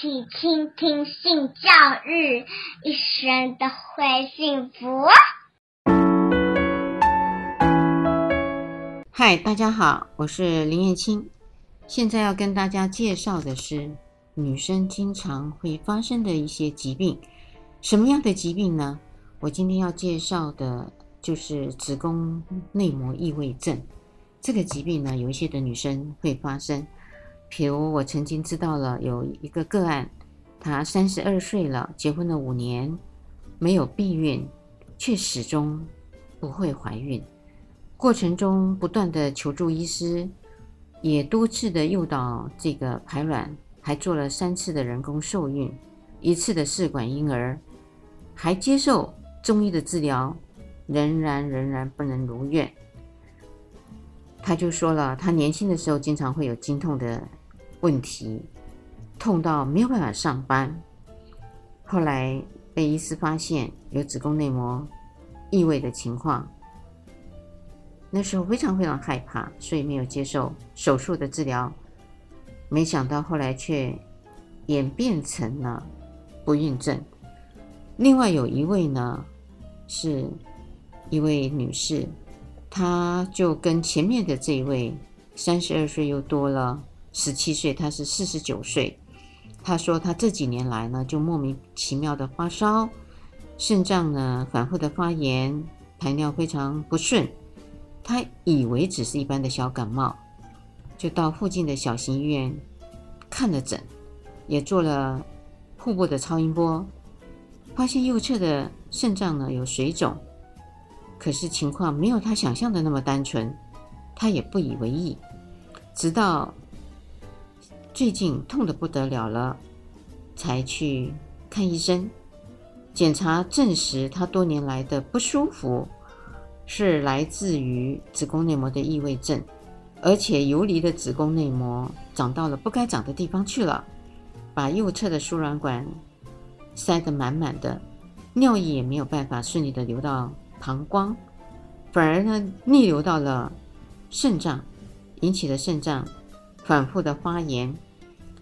去傾聽性教育，一生都會幸福啊。嗨，大家好，我是林艷青。現在要跟大家介紹的是女生經常會發生的一些疾病。什麼樣的疾病呢？我今天要介紹的就是子宮內膜異位症。這個疾病呢，有一些的女生會發生。比如我曾經知道了有一個個案，他三十二歲了，結婚了五年，沒有避孕，卻始終不會懷孕。過程中不斷的求助醫師，也多次的誘導這個排卵，還做了三次的人工受孕，一次的試管嬰兒，還接受中醫的治療，仍然仍然不能如願。他就說了，他年輕的時候經常會有經痛的問題，痛到沒有辦法上班，後來被醫師發現有子宮內膜異位的情況，那時候非常非常害怕，所以沒有接受手術的治療。沒想到後來卻演變成了不孕症。另外有一位呢，是一位女士，她就跟前面的這一位三十二歲又多了。十七歲，他是四十九歲。他說，他這幾年來呢，就莫名其妙的發燒，腎臟呢反覆的發炎，排尿非常不順。他以為只是一般的小感冒，就到附近的小型醫院看了診，也做了腹部的超音波，發現右側的腎臟呢有水腫。可是情況沒有他想象的那麼單純，他也不以為意，直到最近痛得不得了了，才去看醫生，檢查證實他多年來的不舒服是來自於子宮內膜的異位症，而且游離的子宮內膜長到了不該長的地方去了，把右側的輸卵管塞得滿滿的，尿液也沒有辦法順利的流到膀胱，反而呢逆流到了腎臟，引起了腎臟反復的發炎。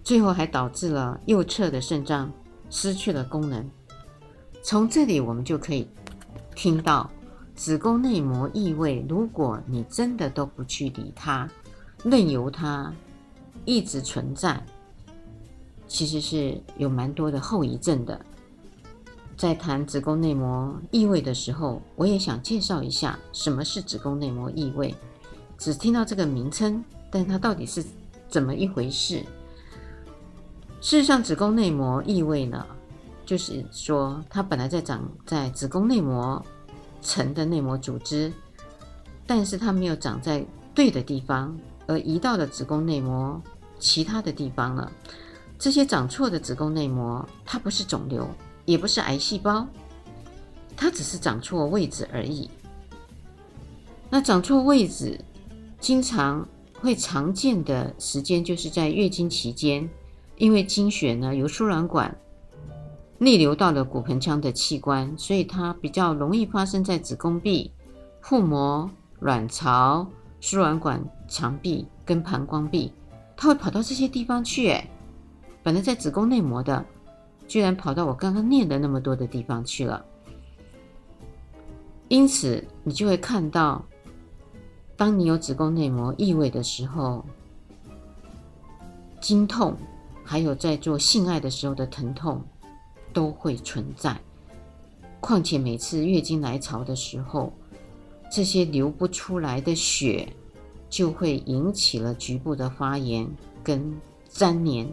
最後還導致了右側的腎臟失去了功能。從這裡我們就可以聽到子宮內膜異位。如果你真的都不去理它，任由它一直存在，其實是有蠻多的後遺症的。在談子宮內膜異位的時候，我也想介紹一下什麼是子宮內膜異位。只聽到這個名稱，但它到底是怎麼一回事？事實上，子宮內膜異位呢，就是說它本來在長在子宮內膜層的內膜組織，但是它沒有長在對的地方，而移到了子宮內膜其他的地方了。這些長錯的子宮內膜，它不是腫瘤，也不是癌細胞，它只是長錯位置而已。那長錯位置經常會常見的時間就是在月經期間。因為經血呢，由輸卵管逆流到了骨盆腔的器官，所以它比較容易發生在子宮壁、腹膜、卵巢、輸卵管、腸壁跟膀胱壁，它會跑到這些地方去。哎，本來在子宮內膜的，居然跑到我剛剛唸的那麼多的地方去了。因此，你就會看到，當你有子宮內膜異位的時候，經痛。還有在做性愛的時候的疼痛都會存在。況且每次月經來潮的時候，這些流不出來的血就會引起了局部的發炎跟粘連。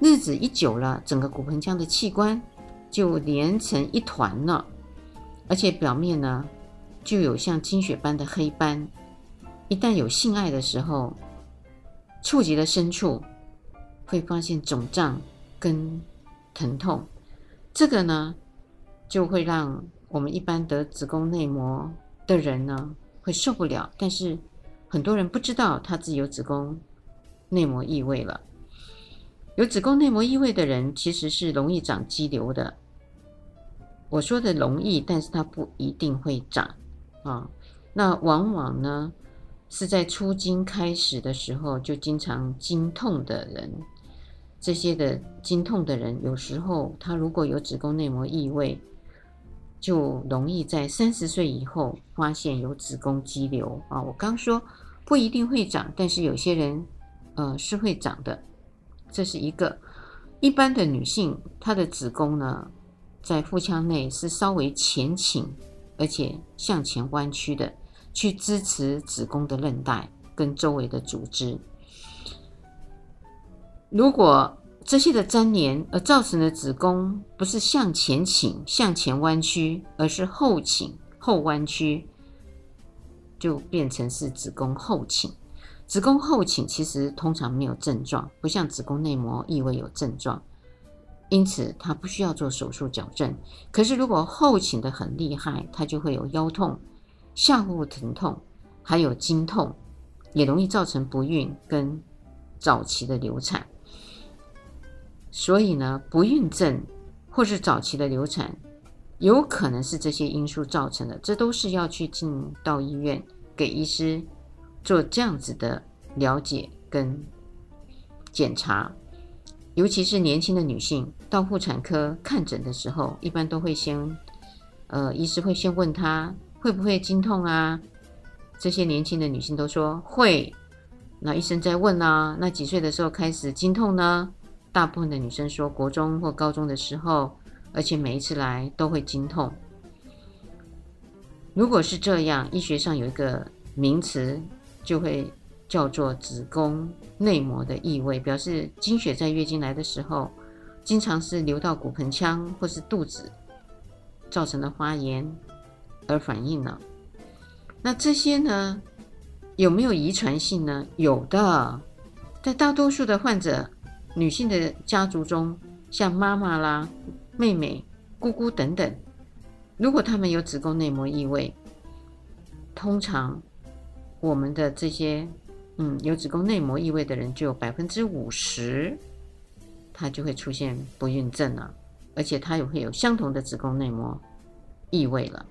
日子一久了，整個骨盆腔的器官就連成一團了，而且表面呢就有像經血般的黑斑。一旦有性愛的時候，觸及了深處，會發現腫脹跟疼痛，這個呢就會讓我們一般得子宮內膜的人呢會受不了。但是很多人不知道他自己有子宮內膜異位了。有子宮內膜異位的人其實是容易長肌瘤的。我說的容易，但是它不一定會長啊、哦。那往往呢是在初經開始的時候就經常經痛的人。這些的經痛的人，有時候她如果有子宮內膜異位，就容易在三十歲以後發現有子宮肌瘤啊。我剛說不一定會長，但是有些人呃是會長的，這是一個。一般的女性，她的子宮呢在腹腔內是稍微前傾，而且向前彎曲的，去支持子宮的韌帶跟周圍的組織。如果這些的粘連而造成的子宮不是向前傾、向前彎曲，而是後傾、後彎曲，就變成是子宮後傾。子宮後傾其實通常沒有症狀，不像子宮內膜異位有症狀，因此它不需要做手術矯正。可是如果後傾得很厲害，它就會有腰痛、下腹疼痛，還有經痛，也容易造成不孕跟早期的流產。所以呢，不孕症或是早期的流產，有可能是這些因素造成的。這都是要去進到醫院給醫師做這樣子的了解跟檢查。尤其是年輕的女性到婦產科看診的時候，一般都會先，呃，醫師會先問她會不會經痛啊？這些年輕的女性都說會。那醫生再問啊，那幾歲的時候開始經痛呢？大部分的女生說，國中或高中的時候，而且每一次來都會經痛。如果是這樣，醫學上有一個名詞，就會叫做子宮內膜的異位，表示經血在月經來的時候，經常是流到骨盆腔或是肚子，造成了發炎而反應了。那這些呢，有沒有遺傳性呢？有的，但大多數的患者。女性的家族中，像媽媽啦、妹妹、姑姑等等，如果她們有子宮內膜異位，通常我們的這些嗯有子宮內膜異位的人，就有百分之五十，她就會出現不孕症啊，而且她也會有相同的子宮內膜異位了，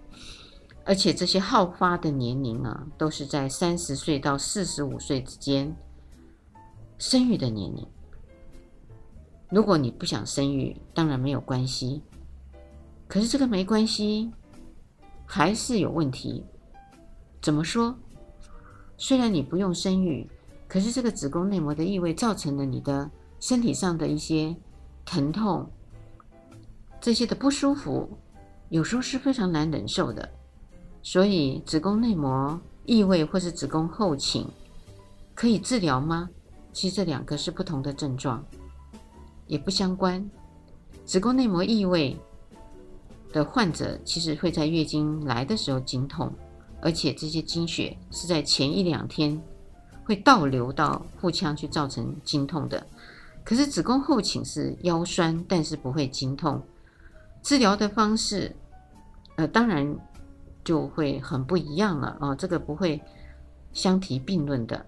而且這些好發的年齡啊，都是在三十歲到四十五歲之間，生育的年齡。如果你不想生育，當然沒有關係。可是這個沒關係，還是有問題。怎麼說？雖然你不用生育，可是這個子宮內膜的異位造成了你的身體上的一些疼痛，這些的不舒服，有時候是非常難忍受的。所以，子宮內膜異位或是子宮後傾，可以治療嗎？其實這兩個是不同的症狀。也不相關，子宮內膜異位的患者其實會在月經來的時候經痛，而且這些經血是在前一兩天會倒流到腹腔去造成經痛的。可是子宮後傾是腰痠，但是不會經痛。治療的方式，呃，當然就會很不一樣了啊，哦，這個不會相提並論的。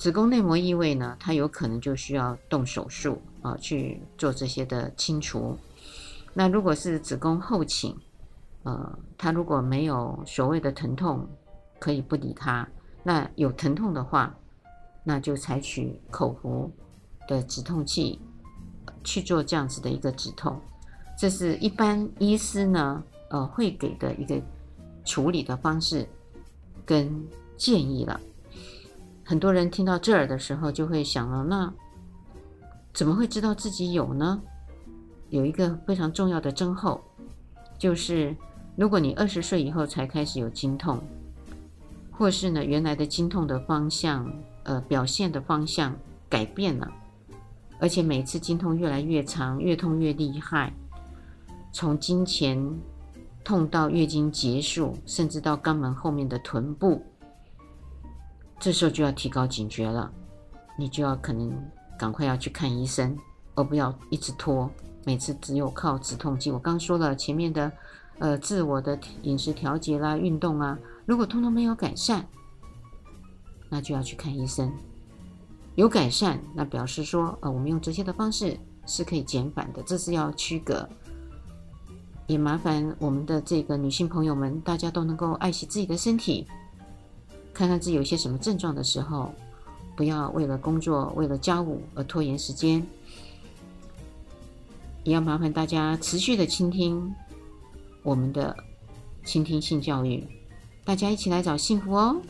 子宮內膜異位呢，它有可能就需要動手術啊，呃，去做這些的清除。那如果是子宮後傾，呃，它如果沒有所謂的疼痛，可以不理它。那有疼痛的話，那就採取口服的止痛劑去做這樣子的一個止痛。這是一般醫師呢，呃，會給的一個處理的方式跟建議了。很多人聽到這兒的時候，就會想了，那怎麼會知道自己有呢？有一個非常重要的症候，就是如果你二十歲以後才開始有經痛，或是呢，原來的經痛的方向，呃，表現的方向改變了，而且每次經痛越來越長，越痛越厲害，從經前痛到月經結束，甚至到肛門後面的臀部。這時候就要提高警覺了，你就要可能趕快要去看醫生，而不要一直拖。每次只有靠止痛劑。我剛說了前面的，呃，自我的飲食調節啦、啊、運動啊，如果通通沒有改善，那就要去看醫生。有改善，那表示說，呃，我們用這些的方式是可以減緩的，這是要區隔。也麻煩我們的這個女性朋友們，大家都能夠愛惜自己的身體。看看自己有些什麼症狀的時候，不要為了工作、為了家務而拖延時間，也要麻煩大家持續地傾聽我們的傾聽性教育，大家一起來找幸福哦。